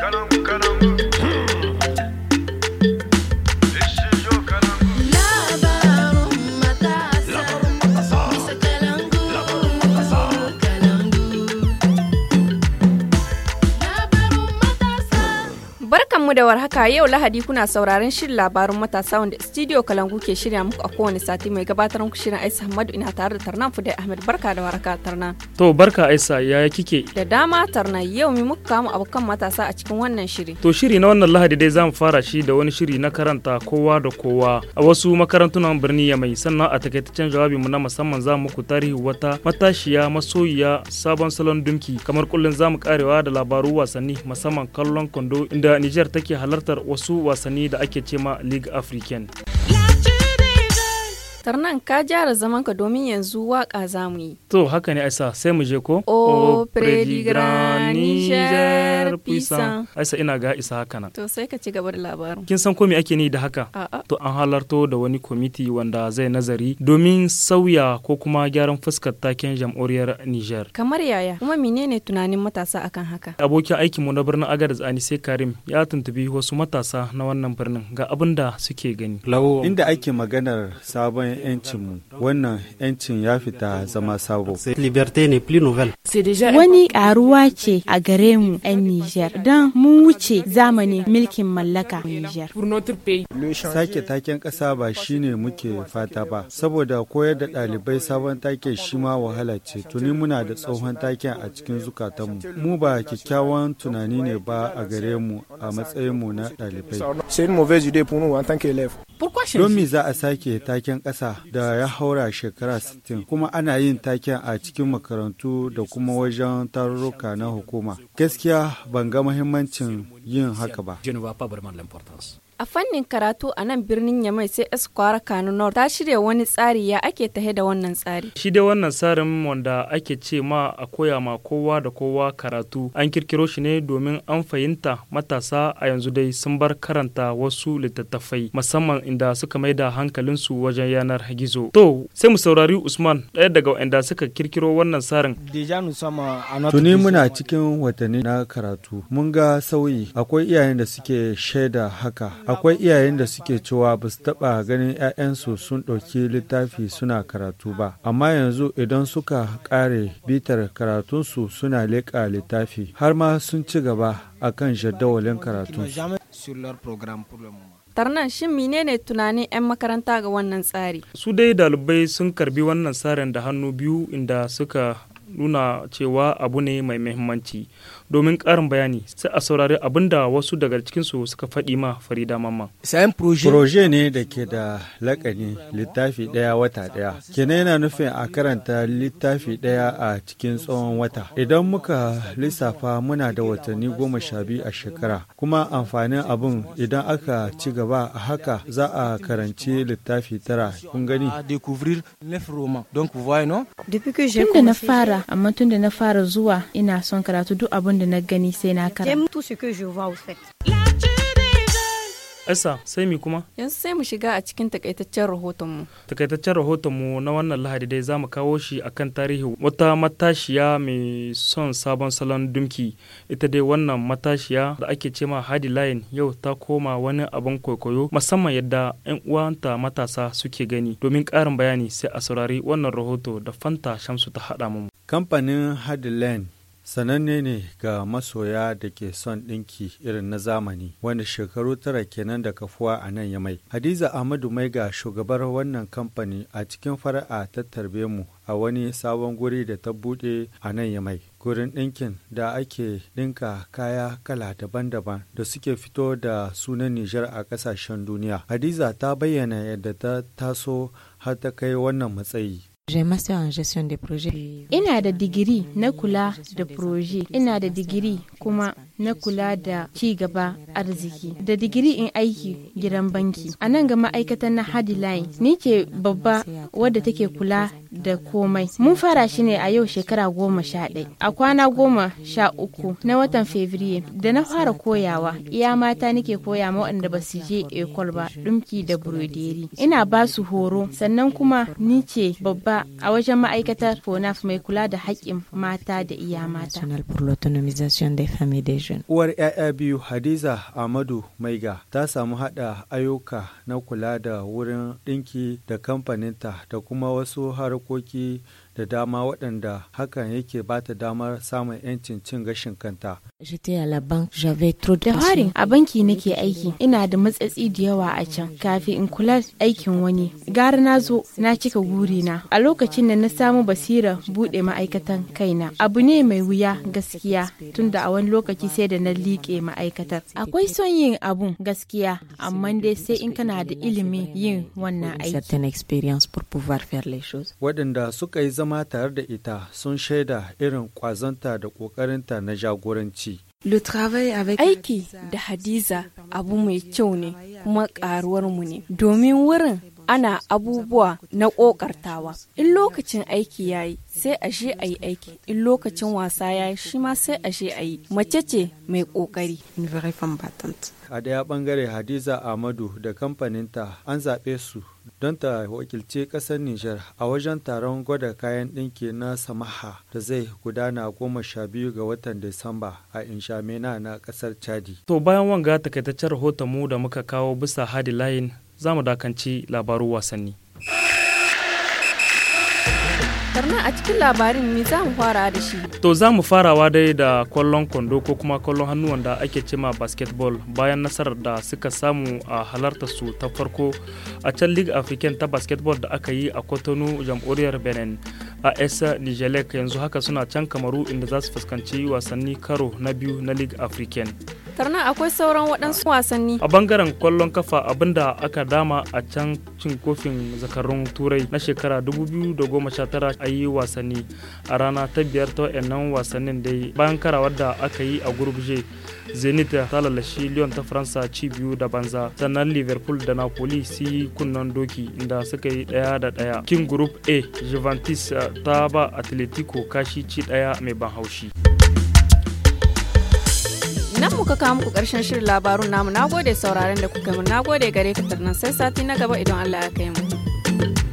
Caramba, caramba. mu da warhaka yau Lahadi kuna sauraron shirin labarin matasa wanda studio Kalangu ke shirya muku a kowane sati mai gabatar muku shirin Aisha Hamadu ina tare da Tarnan Fudai Ahmed barka da warhaka Tarnan. To barka Aisha yaya kike? Da dama Tarnan yau mu muka kamu abokan matasa a cikin wannan shiri. To shiri na wannan Lahadi dai zamu fara shi da wani shiri na karanta kowa da kowa a wasu makarantunan birni ya mai sannan a takaitaccen jawabin mu na musamman zamu muku tarihi wata matashiya masoyiya sabon salon dumki kamar kullum zamu karewa da labaru wasanni musamman kallon kondo inda Niger ta take halartar wasu wasanni da ake cema League African. nan ka gyara ka domin yanzu waka za mu yi. To haka ne Aisa sai mu je ko? O Predigra Niger Pisan. Aisa ina ga isa haka nan. To sai ka ci gaba da labarin. Kin san ko me ake ni da haka? To an halarto da wani kwamiti wanda zai nazari domin sauya ko kuma gyaran fuskar taken jam'uriyar Niger. Kamar yaya? Kuma menene tunanin matasa akan haka? Abokin aikin mu na birnin Agadez sai Karim ya tuntubi wasu matasa na wannan birnin ga abin da suke gani. Inda ake maganar sabon 'yancinmu wannan 'yancin ya fita zama sabo wani karuwa ce a gare mu 'yan nijar don mu wuce zamani milkin mallaka nijar sake taken ƙasa ba shine muke fata ba saboda koyar da ɗalibai sabon take shi ma wahala ce tuni muna da tsohon taken a cikin zukatanmu mu ba kyakkyawan tunani ne ba a gare mu a matsayinmu na ɗalibai don me za a sake taken ƙasa ƙasa da ya haura shekara 60 kuma ana yin taken a cikin makarantu da kuma wajen tarurruka na hukuma. Gaskiya ban ga muhimmancin yin haka ba. A fannin karatu a nan birnin Yamai sai Esquire Kano North ta shirya wani tsari ya ake tahe da wannan tsari. Shi dai wannan tsarin wanda ake ce ma a koya ma kowa da kowa karatu an kirkiro shi ne domin an fahimta matasa a yanzu dai sun bar karanta wasu littattafai musamman inda suka mai da hankalinsu wajen yanar gizo. To sai mu saurari Usman ɗaya daga waɗanda suka kirkiro wannan tsarin. Tuni muna cikin watanni na karatu mun ga sauyi akwai iyayen da suke shaida haka akwai iyayen da suke cewa ba su taɓa ganin 'ya'yansu sun ɗauki littafi suna karatu ba amma yanzu idan suka ƙare bitar karatunsu suna leƙa littafi har ma sun ci gaba a kan jadawalin karatunsu tarnan shin menene tunanin 'yan makaranta ga wannan tsari su dai dalibai sun karbi wannan tsarin da hannu biyu inda suka nuna cewa abu ne mai muhimmanci domin ƙarin bayani sai a saurari abin da wasu daga cikinsu suka faɗi ma farida mamma. sayan proje ne da ke da lakani littafi ɗaya wata ɗaya kene yana nufin a karanta littafi ɗaya a cikin tsawon wata idan muka lissafa muna da watanni goma sha biyu a shekara kuma amfanin abun idan aka ci gaba a haka za a karanci littafi tara kun gani tun da na fara amma tun da na fara zuwa ina son karatu duk abin da na gani sai na karanta aisa sai mi kuma? Yanzu sai mu shiga a cikin takaitaccen rahotonmu. Takaitaccen rahotonmu na wannan lahadi dai za mu kawo shi a kan tarihi wata matashiya mai son sabon salon dumki. Ita dai wannan matashiya da ake cema Hadi Lion yau ta koma wani abin kwaikwayo musamman yadda 'yan uwanta matasa suke gani. Domin ƙarin bayani sai a saurari wannan rahoto da Fanta Shamsu ta haɗa mu. Kamfanin Hadi sananne ne ga masoya da ke son ɗinki irin na zamani wanda shekaru tara kenan da kafuwa a nan ya mai hadiza ahmadu mai ga shugabar wannan kamfani a cikin fara'a ta tarbe mu a wani sabon guri da ta buɗe a nan ya mai gurin ɗinkin da ake ɗinka kaya kala daban-daban da suke fito da sunan nijar a ƙasashen duniya hadiza ta bayyana yadda ta taso har ta kai wannan matsayi Ina da digiri na kula da proje, ina da digiri kuma na kula da ci gaba arziki, da digiri in aiki gidan banki. A nan ga ma'aikatan na Hadiline, ni ke babba wadda take kula da komai. Mun fara shi ne a yau shekara goma sha ɗaya. A kwana goma sha uku na watan Fevriye da na fara koyawa, iya mata nake koya ma waɗanda ba su je ekol ba, ɗumki da buroderi. Ina basu horo, sannan kuma ni ce babba a wajen ma'aikatar FONAF mai kula da haƙƙin mata da iya mata. Uwar 'ya'ya biyu Hadiza Ahmadu Maiga ta samu haɗa ayyuka na kula da wurin ɗinki da kamfaninta da kuma wasu harkoki da dama waɗanda hakan yake ba ta damar samun 'yancin cin gashin kanta. Da harin a banki nake aiki ina da matsatsi da yawa a can kafin in kula aikin wani. Gara na zo na cika gurina a lokacin da na samu basira buɗe ma'aikatan kaina. Abu ne mai wuya gaskiya tunda a wani lokaci sai da na liƙe ma'aikatar. Akwai son yin abun gaskiya amma dai sai in kana da ilimin yin wannan aiki. Waɗanda suka yi zama zama tare da ita sun shaida irin ƙwazonta da ƙoƙarinta na jagoranci. Aiki da Hadiza abu mai kyau ne kuma ƙaruwar mu ne, domin wurin ana abubuwa na kokartawa in lokacin aiki yayi sai a je a yi aiki in lokacin wasa yayi shi ma sai a je a yi mace ce mai kokari a daya bangare hadiza amadu da kamfaninta an zaɓe su don ta wakilce ƙasar Nijar a wajen taron gwada kayan ɗinki na Samaha da zai gudana goma sha biyu ga watan Disamba a Inshamena na ƙasar Chadi. To bayan wanga takaitaccen rahoton mu da muka kawo bisa Hadi Layin za mu dakanci labaru wasanni. Karna a cikin labarin ne za mu fara da shi? To za mu farawa dai da kwallon kwando ko kuma kwallon hannu wanda ake cema basketball bayan nasarar da suka samu a halartar su ta farko a can League African ta basketball da aka yi a Cotonou jamhuriyar Benin. a esa nijelek yanzu haka suna can kamaru inda za su fuskanci wasanni karo na biyu na league african Tarna akwai sauran waɗansu wasanni. A bangaren kwallon kafa abinda aka dama a can cin kofin zakarun turai na shekara 2019 a yi wasanni a rana ta biyar ta wa'annan wasannin dai bayan karawar da aka yi a gurbje zenit ta lalashi lyon ta faransa ci biyu da banza sannan liverpool da napoli si yi kunnan doki inda suka yi daya da daya king group a juventus ta ba atletico kashi ci daya mai ban haushi. nan muka kawo muku karshen shirin labarun namu gode sauraron da kuka mun gode gare ka tarnan sai sati na gaba idan Allah ya kai mu